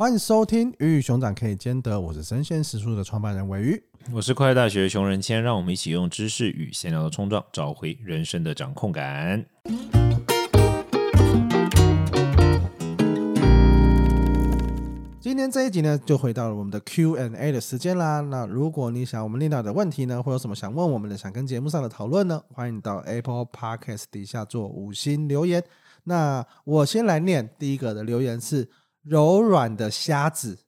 歡迎收聽魚與熊掌可以兼得，我是生鮮時書的創辦人鮪魚，我是快樂大學熊仁謙，讓我們一起用知識與閒聊的衝撞，找回人生的掌控感。今天這一集呢，就回到了我們的 Q and A 的時間啦。那如果你想我們念到的問題呢，或有什麼想問我們的，想跟節目上的討論呢，歡迎到 Apple Podcast 底下做五星留言。那我先來念第一個的留言是。柔軟的蝦子，子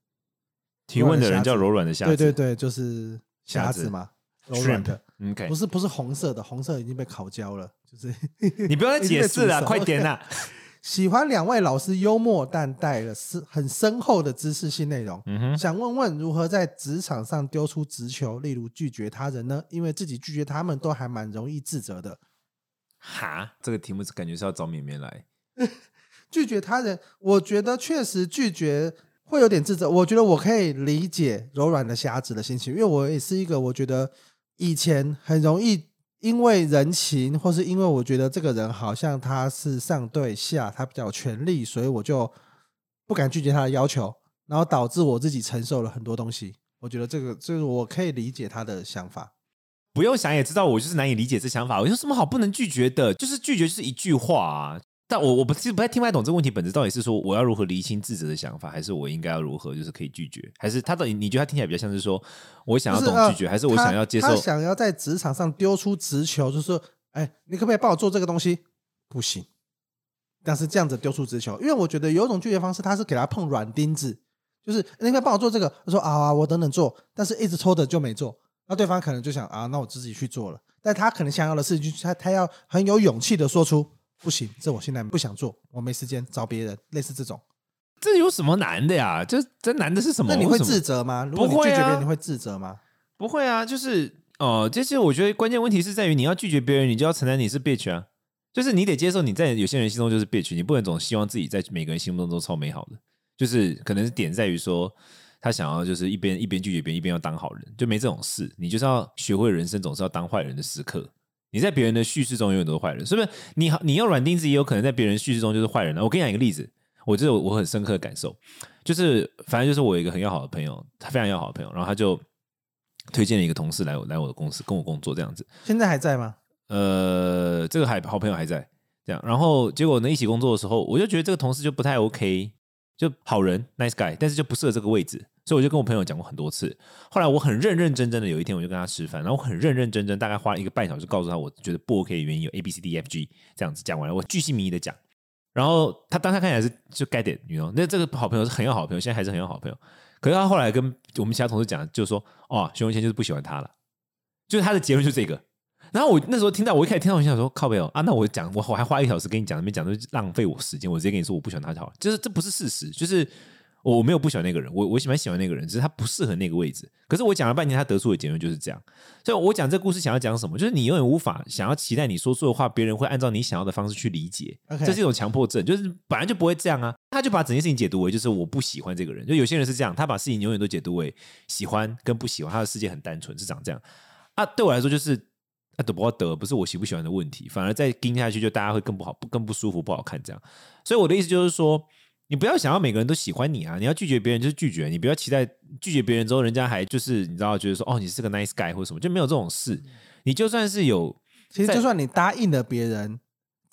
提問的人叫柔軟的蝦子。對對對，就是蝦子嘛。子柔軟的 im,，OK，不是不是紅色的，紅色已經被烤焦了，就是 你不要再解釋了、啊，快點啦、啊 okay。喜歡兩位老師幽默，但帶了很深厚的知識性內容。嗯、哼想問問如何在職場上丟出直球，例如拒絕他人呢？因為自己拒絕他們都還蠻容易自責的。哈，這個題目是感覺是要找綿綿來。 拒絕他人，我覺得確實拒絕會有點自責。我覺得我可以理解柔軟的瞎子的心情，因為我也是一個，我覺得以前很容易因為人情，或是因為我覺得這個人好像他是上對下，他比較有權力，所以我就不敢拒絕他的要求，然後導致我自己承受了很多東西。我覺得這個就是我可以理解他的想法。不用想也知道，我就是難以理解這想法。我說什麼好不能拒絕的，就是拒絕就是一句話啊。但我我不是不太聽不太懂，這個問題本質到底是說我要如何釐清自責的想法，還是我應該要如何就是可以拒絕？還是他到底你覺得他聽起來比較像是說我想要懂拒絕，是呃、還是我想要接受、呃他？他想要在職場上丟出直球，就是哎、欸，你可不可以幫我做這個東西？不行。但是這樣子丟出直球，因為我覺得有一種拒絕方式，他是給他碰軟釘子，就是你可不可以幫我做這個？他說啊，我等等做，但是一直拖着就沒做。那對方可能就想啊，那我自己去做了。但他可能想要的事情，就是他他要很有勇氣的說出。不行，這我現在不想做，我沒時間找別人。類似這種，這有什麼難的呀？這這難的是什麼？那你會自責嗎？不會啊，如果你拒絕別人，你會自責嗎？不會啊，就是哦、呃，這是我覺得關鍵問題是在於你要拒絕別人，你就要承擔你是 bitch 啊，就是你得接受你在有些人心中就是 bitch，你不能總希望自己在每個人心目中都超美好的。就是可能是點在於說，他想要就是一邊一邊拒絕別人，一邊要當好人，就沒這種事。你就是要學會人生總是要當壞人的時刻。你在別人的敘事中永遠都是壞人，是不是？你你用軟釘子也有可能在別人敘事中就是壞人了啊。我跟你講一個例子，我就我很深刻的感受，就是反正就是我有一個很要好的朋友，他非常要好的朋友，然後他就推薦了一個同事來我來我的公司跟我工作這樣子。現在還在嗎？呃，這個還好朋友還在這樣，然後結果呢，一起工作的時候，我就覺得這個同事就不太 OK，就好人 nice guy，但是就不適合這個位置。所以我就跟我朋友講過很多次，後來我很認認真真的有一天我就跟他吃飯，然後我很認認真真大概花了一個半小時告訴他我,我覺得不 OK 的原因有 A B C D F G 這樣子講完了，我鉅細靡遺的講，然後他當下看起來是就 get it，你知道嗎？那這個好朋友是很要好朋友，現在還是很要好朋友，可是他後來跟我們其他同事講，就說哦，熊文謙就是不喜歡他了，就是他的結論就是這個。然後我那時候聽到，我一開始聽到我心想說靠朋友啊，那我講我還花一個小時跟你講沒講就浪費我時間，我直接跟你說我不喜歡他就好了，就是這不是事實，就是。我沒有不喜歡那個人，我我喜歡喜歡那個人，只是他不適合那個位置。可是我講了半天，他得出的結論就是這樣。所以，我講這故事想要講什麼，就是你永遠無法想要期待你說出的話，別人會按照你想要的方式去理解。Okay. 這是一種強迫症，就是本來就不會這樣啊。他就把整件事情解讀為就是我不喜歡這個人。就有些人是這樣，他把事情永遠都解讀為喜歡跟不喜歡，他的世界很單純，是長這樣啊。對我來說，就是得、啊、得不到，不是我喜不喜歡的問題，反而再盯下去就大家會更不好，不更不舒服，不好看這樣。所以我的意思就是說。你不要想要每個人都喜歡你啊！你要拒絕別人就是拒絕，你不要期待拒絕別人之後，人家還就是你知道，覺得說哦，你是個 nice guy 或什麼，就沒有這種事。你就算是有，其實就算你答應了別人，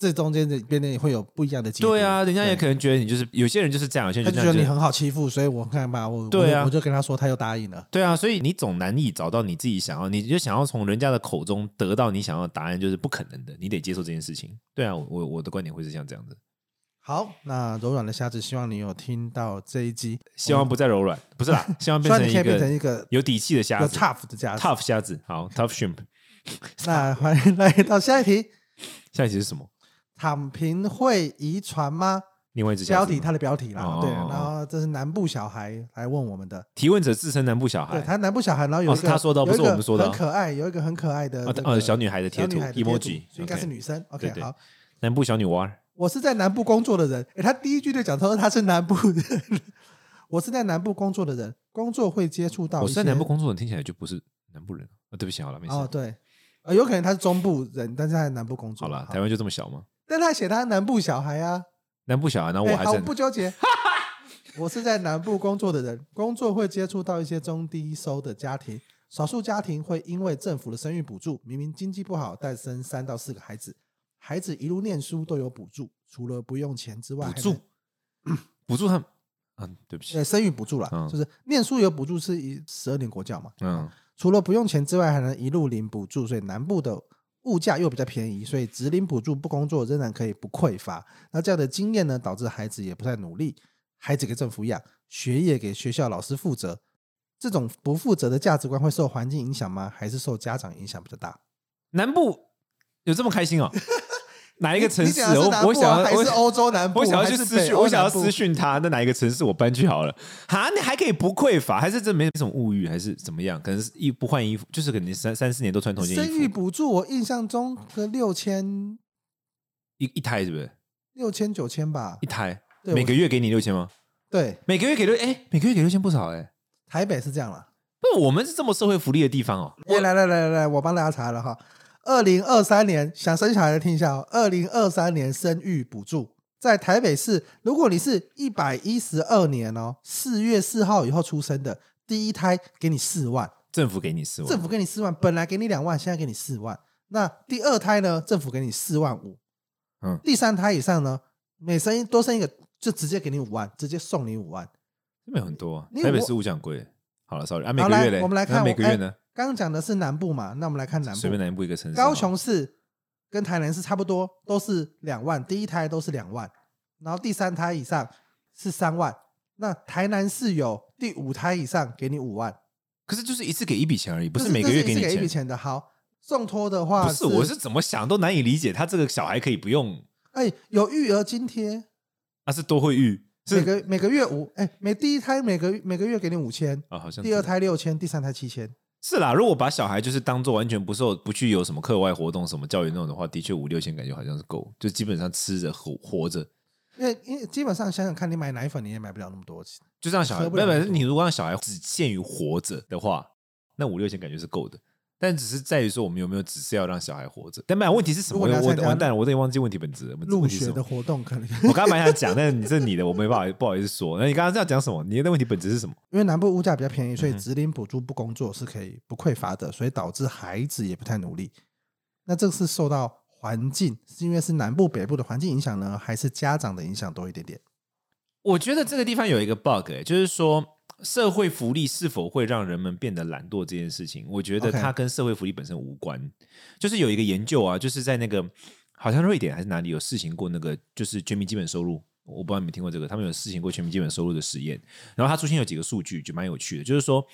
這中間這邊呢也會有不一樣的。對啊，人家也可能覺得你就是對有些人就是這樣，有些人就、就是、就覺得你很好欺負，所以我看吧，我對啊我，我就跟他說，他就答應了。對啊，所以你總難以找到你自己想要，你就想要從人家的口中得到你想要的答案，就是不可能的。你得接受這件事情。對啊，我我的觀點會是像這樣子。好，那柔軟的蝦子，希望你有聽到這一集，希望不再柔軟，不是啦，希望變成一個有底氣的蝦子，tough 的蝦子，tough 蝦子，好，tough shrimp。那歡迎來到下一題，下一題是什麼？躺平會遺傳嗎？另外一只蝦子，標題它的標題啦，對，然後這是南部小孩來問我們的提問者自稱南部小孩，對，他南部小孩，然後有一個他說的，不是我們說的，很可愛，有一個很可愛的呃小女孩的貼圖 emoji，所以應該是女生，OK，好，南部小女娃。我是在南部工作的人，誒他第一句就講，他說他是南部的人。 我是在南部工作的人，工作會接觸到。我是在南部工作的人，聽起來就不是南部人啊，哦，對不起，好了，沒事。哦，對，呃，有可能他是中部人，但是他在南部工作。好了啦，好，台灣就這麼小嗎？但他寫他南部小孩啊，南部小孩，那我還是不糾結。 我是在南部工作的人，工作會接觸到一些中低收的家庭，少數家庭會因為政府的生育補助，明明經濟不好，但生三到四個孩子。孩子一路念書都有補助，除了不用錢之外還助，補、嗯、助補助他們嗯，對不起，生育補助了，嗯、就是念書有補助是一十二年國教嘛，嗯，除了不用錢之外，還能一路領補助，所以南部的物價又比較便宜，所以只領補助不工作仍然可以不匱乏。那這樣的經驗呢，導致孩子也不太努力，孩子給政府養，學業給學校老師負責，這種不負責的價值觀會受環境影響嗎？還是受家長影響比較大？南部有這麼開心哦、啊？ 哪一個城市？我想要，我想要去私，我想要私訊他。那哪一個城市我搬去好了？哈，你還可以不匱乏，還是真沒什麼什麼物慾，還是怎麼樣？可能一不換衣服，就是可能三三四年都穿同一件衣服。生育補助我印象中的六千，一一胎是不是？六千九千吧，一胎每個月給你六千嗎？對，每個月給六，哎，每個月給六千不少哎。台北是這樣啦，不，我們是這麼社會福利的地方哦。來來來來來，我幫大家查了哈。二零二三年想生小孩的聽一下哦，二零二三年生育補助在台北市，如果你是一百一十二年，哦，四月四號以後出生的第一胎，給你四萬，政府給你四萬，政府給你四萬，嗯、本來給你兩萬，現在給你四萬。那第二胎呢？政府給你四萬五，嗯，第三胎以上呢，每生多生一個就直接給你五萬，直接送你五萬，這邊很多啊，台北市物價貴。我好了，sorry，啊，每個月嘞，我們來看每個月呢。欸剛剛講的是南部嘛？那我們來看南部，隨便南部一個城市，高雄市跟台南市差不多，都是兩萬。第一胎都是兩萬，然後第三胎以上是三萬。那台南市有第五胎以上給你五萬，可是就是一次給一筆錢而已，不是每個月給你給一筆錢的。好，送托的話，不是，我是怎麼想都難以理解，他這個小孩可以不用，哎，有育兒津貼，那是都會育，每個每個月五，哎，每第一胎每個每個月給你五千，啊、哦，好像第二胎六千，第三胎七千。是啦，如果把小孩就是當做完全不受、不去有什麼課外活動、什麼教育那種的話，的確五六千感覺好像是夠，就基本上吃着活活着。因為因為基本上想想看，你買奶粉你也買不了那麼多錢，其實就這樣，小孩，沒有，沒有，你如果讓小孩只限於活着的話，那五六千感覺是夠的。但只是在於說，我們有沒有只是要讓小孩活着？但問題是什麼？我我完蛋了，我這裡忘記問題本質了。入學的活動可能。我剛剛蠻想講，但你是你的，我沒辦法不好意思說。那你剛剛是要講什麼？你的問題本質是什麼？因為南部物價比較便宜，所以只領補助不工作是可以不匱乏的，所以導致孩子也不太努力。那這個是受到環境，是因為是南部北部的環境影響呢，還是家長的影響多一點點？我覺得這個地方有一個 bug，欸，就是說。社會福利是否會讓人們變得懶惰這件事情，我覺得它跟社會福利本身無關。就是有一個研究啊，就是在那個好像瑞典還是哪裡有試行過那個，就是全民基本收入，我不知道你們聽過這個，他們有試行過全民基本收入的實驗，然後它出現有幾個數據就蠻有趣的，就是說。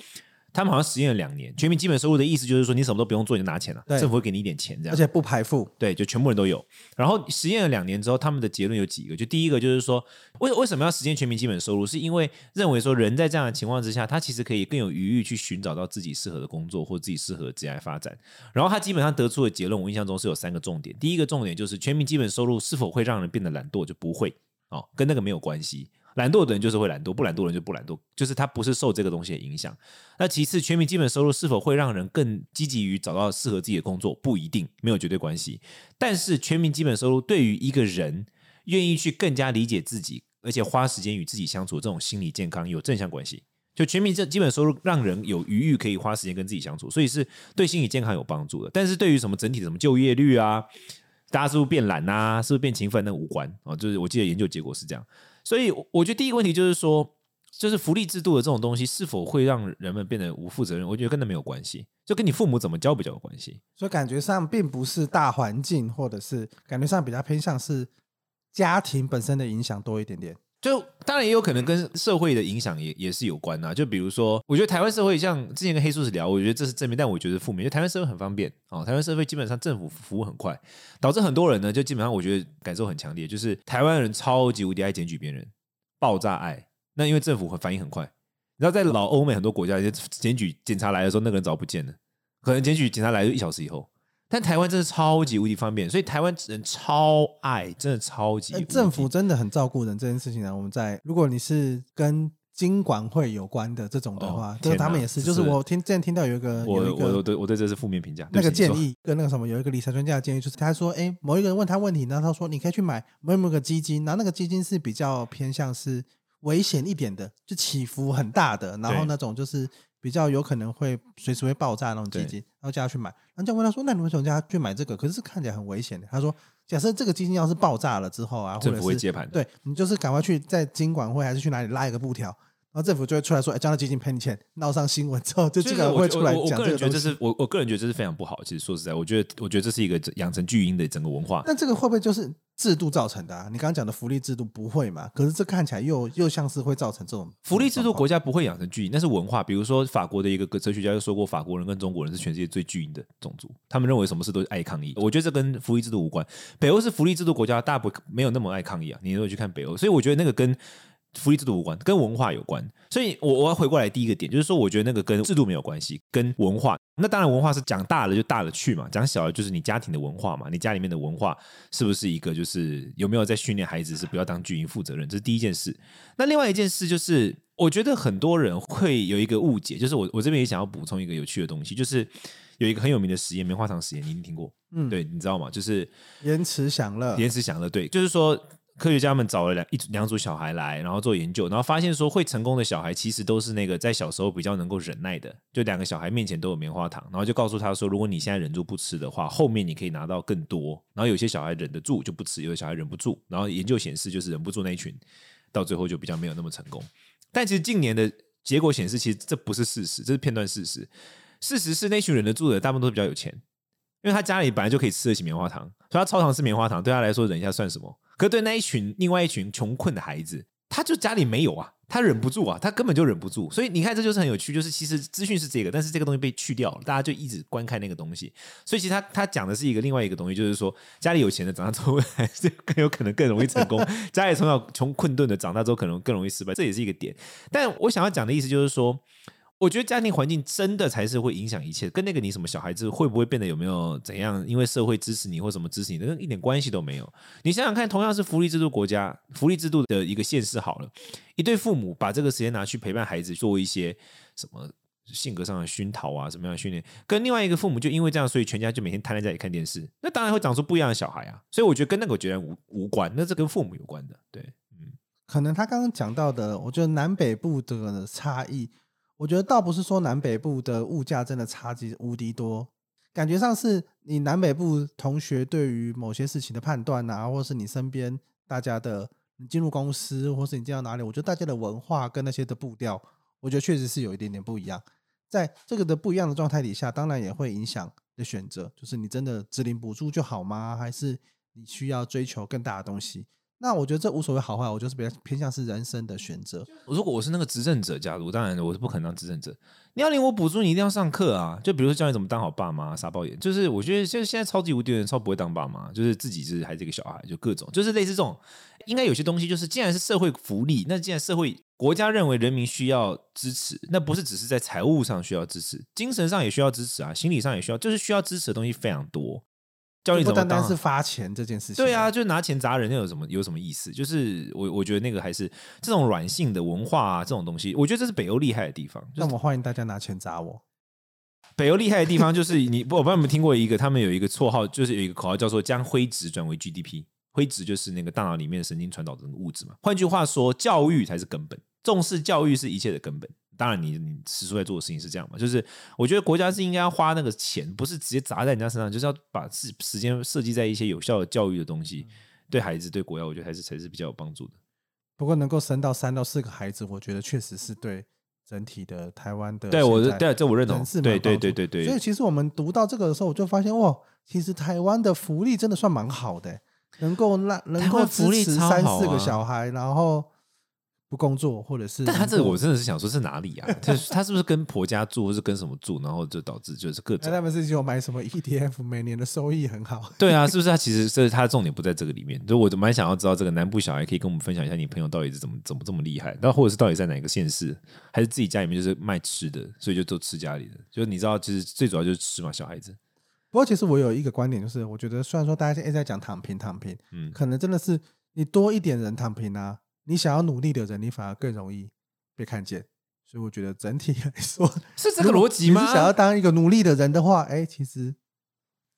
他們好像實驗了兩年，全民基本收入的意思就是說，你什麼都不用做，你就拿錢了、啊，對政府會給你一點錢，這樣，而且不排富。對，就全部人都有。然後實驗了兩年之後，他們的結論有幾個，就第一個就是說，為為什麼要實現全民基本收入，是因為認為說人在這樣的情況之下，他其實可以更有餘裕去尋找到自己適合的工作或者自己適合的職業來發展。然後他基本上得出的結論，我印象中是有三個重點。第一個重點就是，全民基本收入是否會讓人變得懶惰，就不會哦，跟那個沒有關係。懶惰的人就是會懶惰，不懶惰的人就是不懶惰，就是他不是受這個東西的影響。那其次，全民基本收入是否會讓人更積極於找到適合自己的工作？不一定，沒有絕對關係。但是，全民基本收入對於一個人願意去更加理解自己，而且花時間與自己相處，這種心理健康有正向關係。就全民這基本收入讓人有餘裕可以花時間跟自己相處，所以是對心理健康有幫助的。但是對於什麼整體的什麼就業率啊，大家是不是變懶啊，是不是變勤奮，那無關啊。就是我記得研究結果是這樣。所以，我覺得第一個問題就是說，就是福利制度的這種東西是否會讓人們變得不負責任？我覺得跟那沒有關係，就跟你父母怎麼教比較有關係。所以感覺上並不是大環境，或者是感覺上比較偏向是家庭本身的影響多一點點。就當然也有可能跟社會的影響也也是有關啊，就比如說，我覺得台灣社會像之前跟黑叔子聊，我覺得這是正面，但我覺得負面。因為台灣社會很方便哦，台灣社會基本上政府服務很快，導致很多人呢，就基本上我覺得感受很強烈，就是台灣人超級無敵愛檢舉別人，爆炸愛。那因為政府很反應很快，你知道在老歐美很多國家，檢舉警察來的時候，那個人早不見了，可能檢舉警察來就一小時以後。但台灣真是超級無敵方便，所以台灣人超愛，真的超級、欸。政府真的很照顧人這件事情呢、啊。我們在，如果你是跟金管會有關的這種的話，哦啊、就是他們也是，就是我聽，之前聽到有一個，我有一個我，我對我對這是負面評價。那個建議跟那個什麼，有一個理財專家的建議，就是他說、欸，某一個人問他問題，然後他說，你可以去買某某一個基金，那那個基金是比較偏向是危險一點的，就起伏很大的，然後那種就是。比較有可能會隨時會爆炸那種基金，對然後叫他去買，然後就問他說：“那你為什麼叫他去買這個？可是，是看起來很危險的。”他說：“假設這個基金要是爆炸了之後啊，會接盤的或者是，對你就是趕快去在金管會還是去哪裡拉一個布條。”然後政府就會出來說：“哎，將他大基金賠你錢，鬧上新聞之後，就這個會出來講這個東西，我我我個人覺得這是我我個人覺得這是非常不好。其實說實在，我覺得，我覺得這是一個養成巨嬰的整個文化。那這個會不會就是制度造成的啊？你剛剛講的福利制度不會嘛？可是這看起來又又像是會造成這種福利制度國家不會養成巨嬰，那是文化。比如說法國的一個哲學家又說過，法國人跟中國人是全世界最巨嬰的種族。他們認為什麼事都是愛抗議。我覺得這跟福利制度無關。北歐是福利制度國家，大不沒有那麼愛抗議啊。你如果去看北歐，所以我覺得那個跟。福利制度無關，跟文化有關。所以我，我我要回過來第一個點就是說，我覺得那個跟制度沒有關係，跟文化。那當然，文化是講大了就大了去嘛，講小了就是你家庭的文化嘛，你家裡面的文化是不是一個，就是有沒有在訓練孩子是不要當巨嬰、負責任？這是第一件事。那另外一件事就是，我覺得很多人會有一個誤解，就是我我這邊也想要補充一個有趣的東西，就是有一個很有名的實驗——棉花糖實驗，你一定聽過。嗯，對，你知道嗎？就是延遲享樂，延遲享樂，對，就是說。科學家們找了兩一兩組小孩來，然後做研究，然後發現說會成功的小孩其實都是那個在小時候比較能夠忍耐的。就兩個小孩面前都有棉花糖，然後就告訴他說：“如果你現在忍住不吃的話，後面你可以拿到更多。”然後有些小孩忍得住就不吃，有的小孩忍不住。然後研究顯示，就是忍不住那一群，到最後就比較沒有那麼成功。但其實近年的結果顯示，其實這不是事實，這是片段事實。事實是那群忍得住的，大部分都比較有錢，因為他家裡本來就可以吃得起棉花糖，所以他超常吃棉花糖，對他來說忍一下算什麼？可對那一群，另外一群窮困的孩子，他就家裡沒有啊，他忍不住啊，他根本就忍不住。所以你看，這就是很有趣，就是其實資訊是這個，但是這個東西被去掉了，大家就一直觀看那個東西。所以其實他他講的是一個另外一個東西，就是說家裡有錢的長大之後還是更有可能更容易成功， 家裡從小窮困頓的長大之後可能更容易失敗，這也是一個點。但我想要講的意思就是說。我覺得家庭環境真的才是會影響一切，跟那個你什麼小孩子會不會變得有沒有怎樣，因為社會支持你或什麼支持你的，那一點關係都沒有。你想想看，同樣是福利制度國家，福利制度的一個現實好了，一對父母把這個時間拿去陪伴孩子，做一些什麼性格上的熏陶啊，什麼樣的訓練，跟另外一個父母就因為這樣，所以全家就每天癱在家裡看電視，那當然會長出不一樣的小孩啊。所以我覺得跟那個我覺得無無關，那這跟父母有關的。對，嗯，可能他剛剛講到的，我覺得南北部的差異。我覺得倒不是說南北部的物價真的差距無敵多，感覺上是你南北部同學對於某些事情的判斷吶、啊，或是你身邊大家的，你進入公司或是你進到哪裡，我覺得大家的文化跟那些的步調，我覺得確實是有一點點不一樣。在這個的不一樣的狀態底下，當然也會影響你的選擇，就是你真的只領補助就好嗎？還是你需要追求更大的東西？那我覺得這無所謂好壞，我就是比較偏向是人生的選擇。如果我是那個執政者，假如當然我是不可能當執政者。你要領我補助，你一定要上課啊！就比如說教你怎麼當好爸媽、傻爆眼。就是我覺得，現現在超級無敵人超不會當爸媽，就是自己是還是一個小孩，就各種就是類似這種。應該有些東西就是，既然是社會福利，那既然社會國家認為人民需要支持，那不是只是在財務上需要支持，精神上也需要支持啊，心理上也需要，就是需要支持的東西非常多。教育，啊，不單單是發錢這件事情，啊，對啊，就拿錢砸人，那有什麼有什麼意思？就是我我覺得那個還是這種軟性的文化，啊，這種東西，我覺得這是北歐厲害的地方。就是，那我歡迎大家拿錢砸我。就是，北歐厲害的地方就是你。 我不知道你們聽過一個，他們有一個綽號，就是有一個口號叫做“將灰質轉為 GDP”，灰質就是那個大腦裡面的神經傳導的物質嘛。換句話說，教育才是根本，重視教育是一切的根本。當然你，你你師出在做的事情是這樣嘛？就是我覺得國家是應該要花那個錢，不是直接砸在人家身上，就是要把自己時間設計在一些有效的教育的東西，對孩子、對國家，我覺得還是才是比較有幫助的。不過能夠生到三到四個孩子，我覺得確實是對整體的台灣的，的。對我對這我認同，對對對對、對。所以其實我們讀到這個的時候，我就發現哇，其實台灣的福利真的算蠻好的，能夠讓能夠扶持三四個小孩，然後、啊。工作或者是，但他這個我真的是想說是哪裡啊？他 他是不是跟婆家住，或是跟什麼住？然後就導致就是各種。啊、他們是就買什麼 ETF， 每年的收益很好。 對啊，是不是他其實這是他的重點不在這個裡面。所以，我就蠻想要知道這個南部小孩可以跟我們分享一下，你朋友到底是怎麼怎麼這麼厲害？那或者是到底在哪個縣市，還是自己家裡面就是賣吃的，所以就都吃家裡的。就你知道，其實最主要就是吃嘛，小孩子。不過，其實我有一個觀點，就是我覺得雖然說大家現在在講躺、躺平，躺平，嗯，可能真的是你多一點人躺平啊。你想要努力的人，你反而更容易被看見，所以我覺得整體來說是這個邏輯嗎？你想要當一個努力的人的話，哎，其實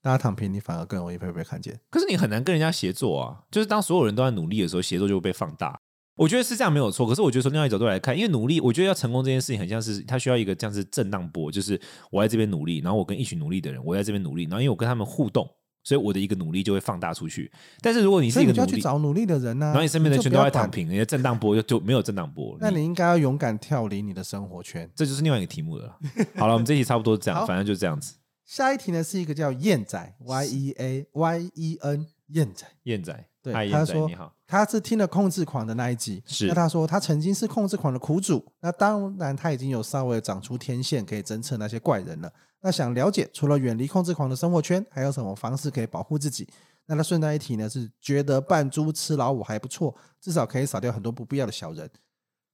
大家躺平，你反而更容易被被看見。可是你很難跟人家協作啊，就是當所有人都在努力的時候，協作就會被放大。我覺得是這樣沒有錯。可是我覺得從另外一個角度來看，因為努力，我覺得要成功這件事情很像是它需要一個這樣子震盪波，就是我在這邊努力，然後我跟一群努力的人，我在這邊努力，然後因為我跟他們互動。所以我的一個努力就會放大出去，但是如果你是一個就要去找努力的人呢？然後你身邊的全都在躺平，你的震盪波就就沒有震盪波。那你應該要勇敢跳離你的生活圈，這就是另外一個題目的了。好了，我們這題差不多這樣，反正就是這樣子。下一題呢，是一個叫燕仔，Y E A Y E N 燕仔、燕仔，對，他說你好，他是聽了控制狂的那一集，是。那他說他曾經是控制狂的苦主，那當然他已經有稍微長出天線，可以偵測那些怪人了。那想了解，除了遠離控制狂的生活圈，還有什麼方式可以保護自己？那他順帶一提呢，是覺得扮豬吃老虎還不錯，至少可以少掉很多不必要的小人。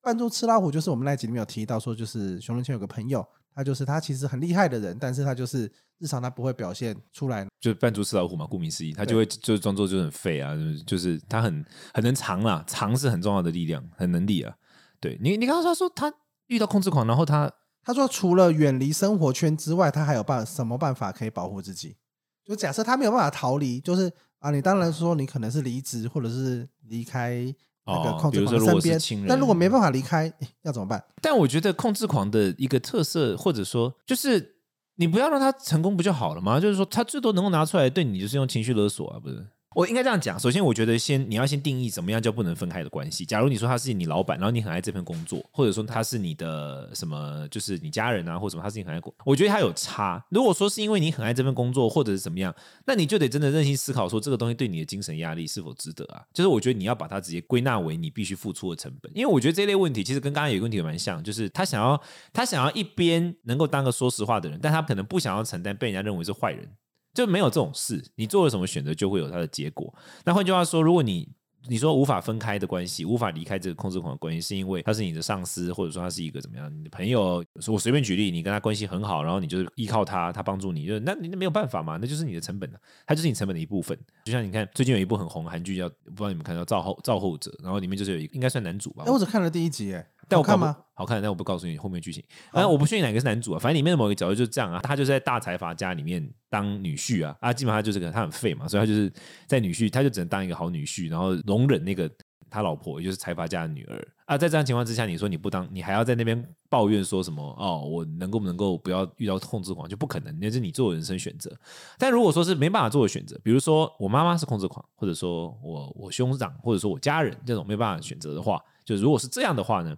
扮豬吃老虎就是我們那集裡面有提到說，就是熊仁謙有個朋友，他就是他其實很厲害的人，但是他就是日常他不會表現出來，就扮豬吃老虎嘛，顧名思義，他就會就裝作就很廢啊，對就是他很很能藏啊，藏是很重要的力量，很能力啊。對你，你剛剛說說他遇到控制狂，然後他。他說：“除了遠離生活圈之外，他還有辦什麼辦法可以保護自己？就假設他沒有辦法逃離，就是啊，你當然說你可能是離職或者是離開那個控制狂身邊，哦、比如說若是親人，但如果沒辦法離開、欸，要怎麼辦？但我覺得控制狂的一個特色，或者說就是你不要讓他成功不就好了嗎？就是說他最多能夠拿出來對你，就是用情緒勒索啊，不是。”我應該這樣講，首先我覺得先你要先定義怎麼樣叫不能分開的關係。假如你說他是你老板，然後你很愛這份工作，或者說他是你的什麼，就是你家人啊，或者什麼，他是你很愛。我覺得他有差。如果說是因為你很愛這份工作，或者是怎麼樣，那你就得真的認真思考說這個東西對你的精神壓力是否值得啊？就是我覺得你要把它直接歸納為你必須付出的成本。因為我覺得這類問題其實跟剛才有一個問題蠻像，就是他想要他想要一邊能夠當個說實話的人，但他可能不想要承擔被人家認為是壞人。就沒有這種事，你做了什麼選擇就會有它的結果。那換句話說，如果你你說無法分開的關係，無法離開這個控制狂的關係，是因為他是你的上司，或者說他是一個怎麼樣，你的朋友，說我隨便舉例，你跟他關係很好，然後你就是依靠他，他幫助你，就那那沒有辦法嘛，那就是你的成本啊，他就是你成本的一部分。就像你看，最近有一部很紅韓劇叫，不知道你們看到《造後造後者》，然後裡面就是有一個應該算男主吧？哎，我只看了第一集耶好看嗎？好看，但我不告訴你後面劇情。反正我不確定哪個是男主啊。反正裡面的某個角色就是這樣啊，他就是在大財閥家裡面當女婿啊啊，基本上他就是個他很廢嘛，所以他就是在女婿，他就只能當一個好女婿，然後容忍那個他老婆，也就是財閥家的女兒啊。在這樣情況之下，你說你不當你還要在那邊抱怨說什麼？哦，我能夠不能夠不要遇到控制狂就不可能，那是你做人生選擇。但如果說是沒辦法做的選擇，比如說我媽媽是控制狂，或者說我我兄長，或者說我家人這種沒辦法選擇的話。就是如果是這樣的話呢，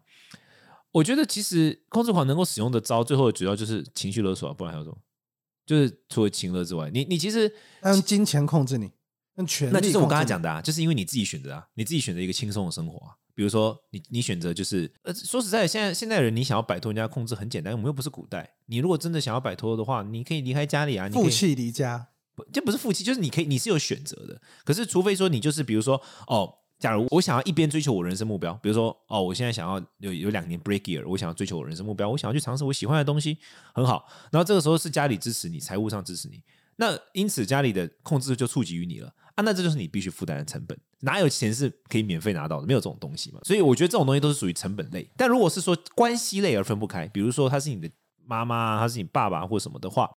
我覺得其實控制狂能夠使用的招，最後的主要就是情緒勒索啊，不然還有什麼？就是除了情勒之外，你你其實他用金錢控制你，用權力控制你。那其實我剛才講的啊，就是因為你自己選擇啊，你自己選擇一個輕鬆的生活啊。比如說你你選擇就是呃，說實在，現在現在人你想要擺脫人家控制很簡單，我們又不是古代。你如果真的想要擺脫的話，你可以離開家裡啊，負氣離家，這不，不是負氣，就是你可以你是有選擇的。可是除非說你就是比如說哦。假如我想要一邊追求我人生目標，比如說哦，我現在想要有有兩年 break year，我想要追求我人生目標，我想要去嘗試我喜歡的東西，很好。然後這個時候是家裡支持你，財務上支持你，那因此家裡的控制就觸及於你了啊。那這就是你必須負擔的成本，哪有錢是可以免費拿到的？沒有這種東西嘛。所以我覺得這種東西都是屬於成本類。但如果是說關係類而分不開，比如說他是你的媽媽，啊，他是你爸爸或什麼的話。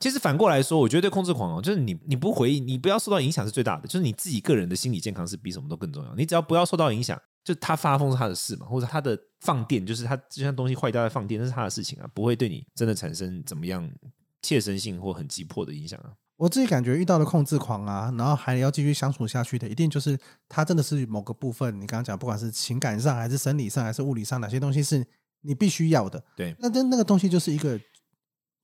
其實反過來說，我覺得對控制狂哦，就是你，你不回應，你不要受到影響是最大的。就是你自己個人的心理健康是比什麼都更重要。你只要不要受到影響，就他發瘋是他的事嘛，或者他的放電，就是他就像東西壞掉的放電，那是他的事情啊，不會對你真的產生怎麼樣切身性或很急迫的影響啊。我自己感覺遇到的控制狂啊，然後還要繼續相處下去的，一定就是他真的是某個部分，你剛剛講，不管是情感上，還是生理上，還是物理上，哪些東西是你必須要的？對，那那那個東西就是一個。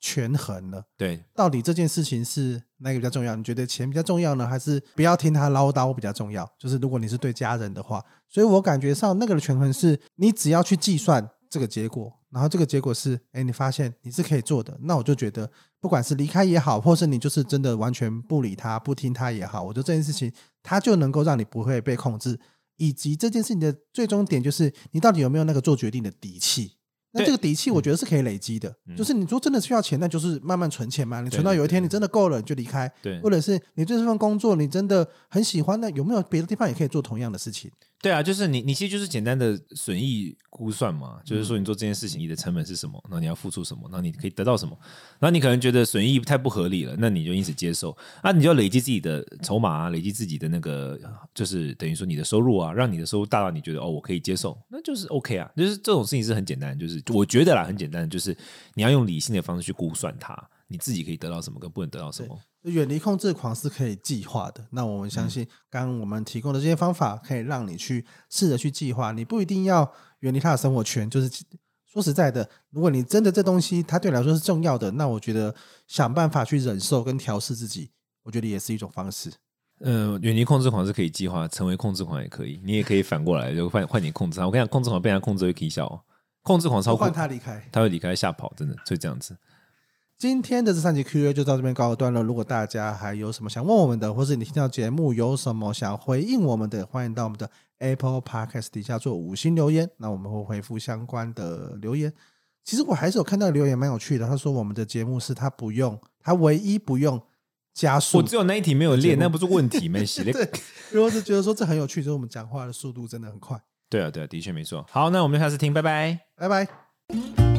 權衡了，對，到底這件事情是哪個比較重要？你覺得錢比較重要呢，還是不要聽他嘮叨我比較重要？就是如果你是對家人的話，所以我感覺上那個的權衡是你只要去計算這個結果，然後這個結果是，哎，你發現你是可以做的，那我就覺得，不管是離開也好，或是你就是真的完全不理他、不聽他也好，我覺得這件事情他就能夠讓你不會被控制，以及這件事情的最終點就是，你到底有沒有那個做決定的底氣？那這個底氣，我覺得是可以累積的。對嗯、就是你說真的需要錢，那就是慢慢存錢嘛。你存到有一天你真的夠了，你就離開。或者是你對這份工作你真的很喜歡，那有沒有別的地方也可以做同樣的事情？對啊，就是你，你其實就是簡單的損益估算嘛。就是說，你做這件事情，你的成本是什麼？那、嗯、你要付出什麼？那你可以得到什麼？那你可能覺得損益太不合理了，那你就因此接受啊？你就要累積自己的籌碼啊，累積自己的那個，就是等於說你的收入啊，讓你的收入大到你覺得哦，我可以接受，那就是 OK 啊。就是這種事情是很簡單，就是我覺得啦，很簡單，就是你要用理性的方式去估算它。你自己可以得到什麼跟不能得到什麼？遠離控制狂是可以計劃的。那我們相信，剛我們提供的這些方法，可以讓你去試着去計劃。你不一定要遠離他的生活圈。就是說實在的，如果你真的這東西，他對你來說是重要的，那我覺得想辦法去忍受跟調試自己，我覺得也是一種方式。嗯，遠離控制狂是可以計劃，成為控制狂也可以。你也可以反過來，就換 換你控制他。我跟你講，控制狂被他控制會可以笑。控制狂超過他離開，他會離開嚇跑，真的，就這樣子。今天的這三集 Q&A 就到這邊告一段落。如果大家還有什麼想問我們的，或是你聽到節目有什麼想回應我們的，歡迎到我們的 Apple Podcast 底下做五星留言。那我們會回復相關的留言。其實我還是有看到的留言蠻有趣的，他說我們的節目是他不用，他唯一不用加速，我只有那一題沒有練，那不是問題。沒寫 如果是覺得說這很有趣，就是我們講話的速度真的很快。對啊，對啊，的確沒錯。好，那我們下次聽，拜拜，拜拜。